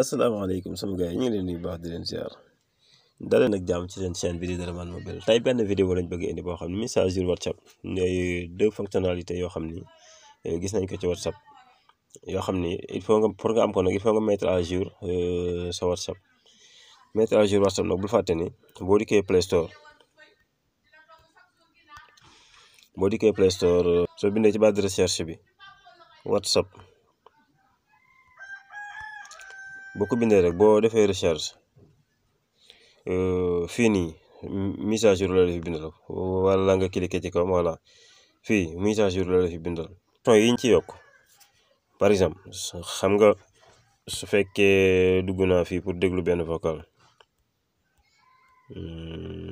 asalaamaaleykum sama gars yi ñu ngi leen di baax di leen ziar dalee nag jàmm ci seen chaîne bi di Dara Man Mobile tey benn vidéo lañ bëgg indi boo xam ne message sur WhatsApp yoo xam ni euh, gis nañ ko ci WhatsApp yoo xam ni il faut nga pour nga am ko nag il faut nga mettre à jour euh, sa WhatsApp mettre à jour WhatsApp nag bul fàtte ni boo dikkee Play Store boo dikkee Play Store euh, soo bindee ci barre de recherche bi WhatsApp. boo ko bindee rek boo defee recherche euh, fii nii mise à jour la la fi bindal wala nga cliquer ci kawam voilà fii missage à jour la la fi bindal. fonction yi ñu ci yokk par exemple xam nga su fekkee dugg naa fii pour déglu benn vocal. Hmm,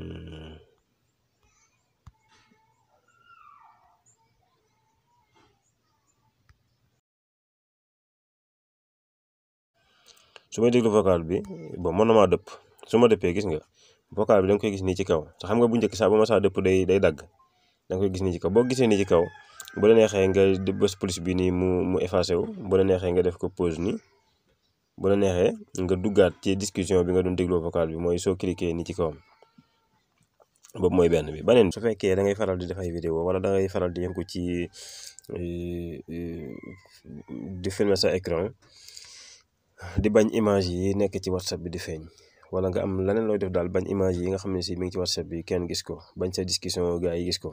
su may déglu vocal bi boo mën maa dëpp su ma dëppee gis nga vocal bi da koy gis nii ci kaw xam nga bu njëkk saa ba ma saa dëpp day day dagg da nga ci kaw boo gisee nii ci kaw bu la neexee nga bës plus bi nii mu mu effacé wu bu la neexee nga def ko pause nii bu la neexee nga duggaat ci discussion bi nga doon dégloo vocal bi mooy soo cliquer nii ci kawam mooy benn bi beneen su fekkee da ngay faral di def ay vidéo wala da ngay faral di ko ci euh, euh, di filmer sa écran di bañ image yi nekk ci whatsapp bi di feeñ wala nga am leneen looy def daal bañ image yi nga xam ne si mi ngi ci whatsapp bi kenn gis ko bañ sa discussion gars yi gis ko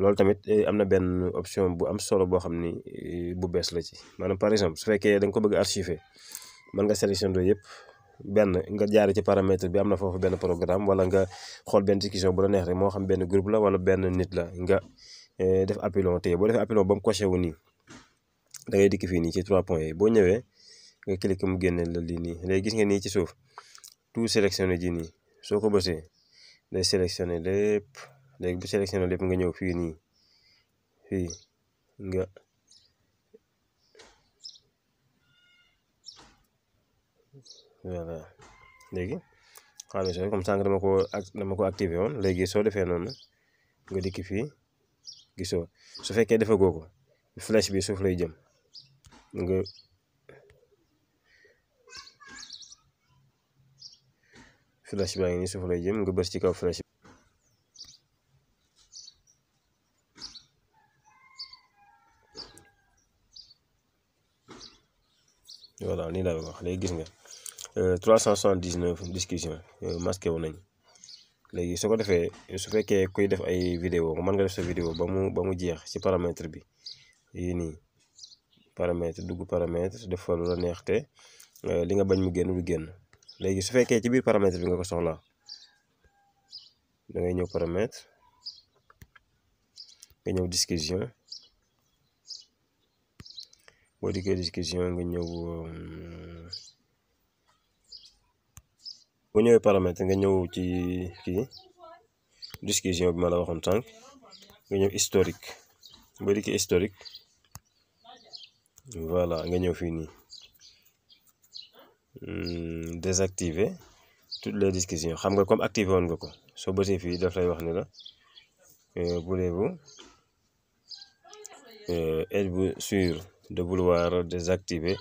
loolu tamit eh, am na benn option bu am solo boo xam ni eh, bu bees la ci maanaam par exemple su fekkee da nga ko bëgg archiver mën nga sélection do yëpp benn nga jaare ci paramètre bi am na foofu benn programme wala nga xool benn discussion bu la neex rek moo xam benn groupe la wala benn nit la nga eh, def appelon téye boo defee appelon ba ko coché wu nii da ngay dikk fii nii ci trois points boo ñëwee nga cliqué mu génneel la lii nii léegi gis nga nii ci suuf tout sélectionné ji nii soo ko bësee day sélectionné lépp léegi bu sélectionné nga ñëw fii nii fii nga voilà léegi xaaral soo comme sànq dama ko activé woon léegi soo defee noonu nga dikki fii gisoo su fekkee dafa googu flèche bi suuf lay jëm nga flash baa ngi nii suuf lay jëm nga bës ci kaw flash voilà nii laa bëgg wax léegi gis nga 379 euh, discussion euh, masqué wu nañu léegi su ko defee su fekkee kuy def ay vidéo mën nga def sa vidéo ba mu ba mu jeex ci paramètre bi yii nii paramètre dugg paramètre def fa lu la neex euh, li nga bañ mu génn bu génn léegi su fekkee ci biir paramètre bi nga ko soxlaa da ngay ñëw paramètre nga ñëw discussion boo dikkee discussion nga ñëw bu ñëwee paramètre nga ñëw ci kii discussion bi ma la waxoon nga ñëw historique boo dikkee historique voilà nga ñëw fii nii Hmm, désactiver toutes les discussions xam nga comme activé woon nga ko soo bësee fii daf lay wax ne la euh, voulez-vous euh, êtes-vous sûr de vouloir désactiver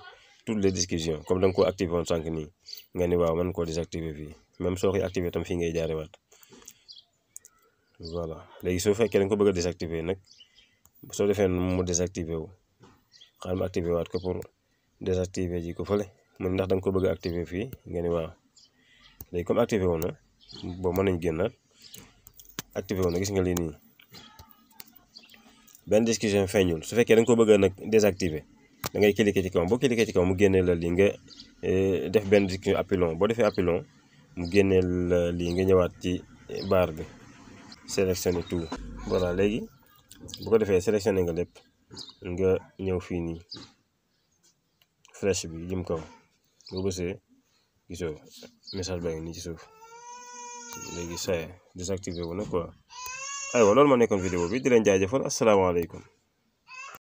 toutes les discussions comme danga ko koo activé woon sànq nii nga ni waaw mën koo désactiver fii même soo koy activé tam fii ngay jaarewaat voilà léegi soo fekkee da nga ko bëgg a désactiver nag soo defee mu désactiver wu xaaral activé waat ko pour désactiver ji ko fële. mu ndax danga ko bëgg a fii nga ni waaw léegi comme activé woon na boobu mën nañ génnaat activé woon na gis nga lii nii benn discussion feeñul su fekkee da nga ko bëgg nag désactivé da dangay cliqué ci kaw boo cliqué ci kaw mu génnee la lii nga eh, def benn discussion appilon boo defee appilon mu génnee la lii nga ñëwaat ci baar bi sélectionné tout voilà léegi bu ko defee sélectionné nga lépp nga ñëw fii nii flèche bi jëm kaw boo bësee gisoo message baa ngi nii ci suuf léegi saa desactivé wu na quoi aywa loolu ma nekkoon vidéo bi di leen jaajëfal asalaamaaleykum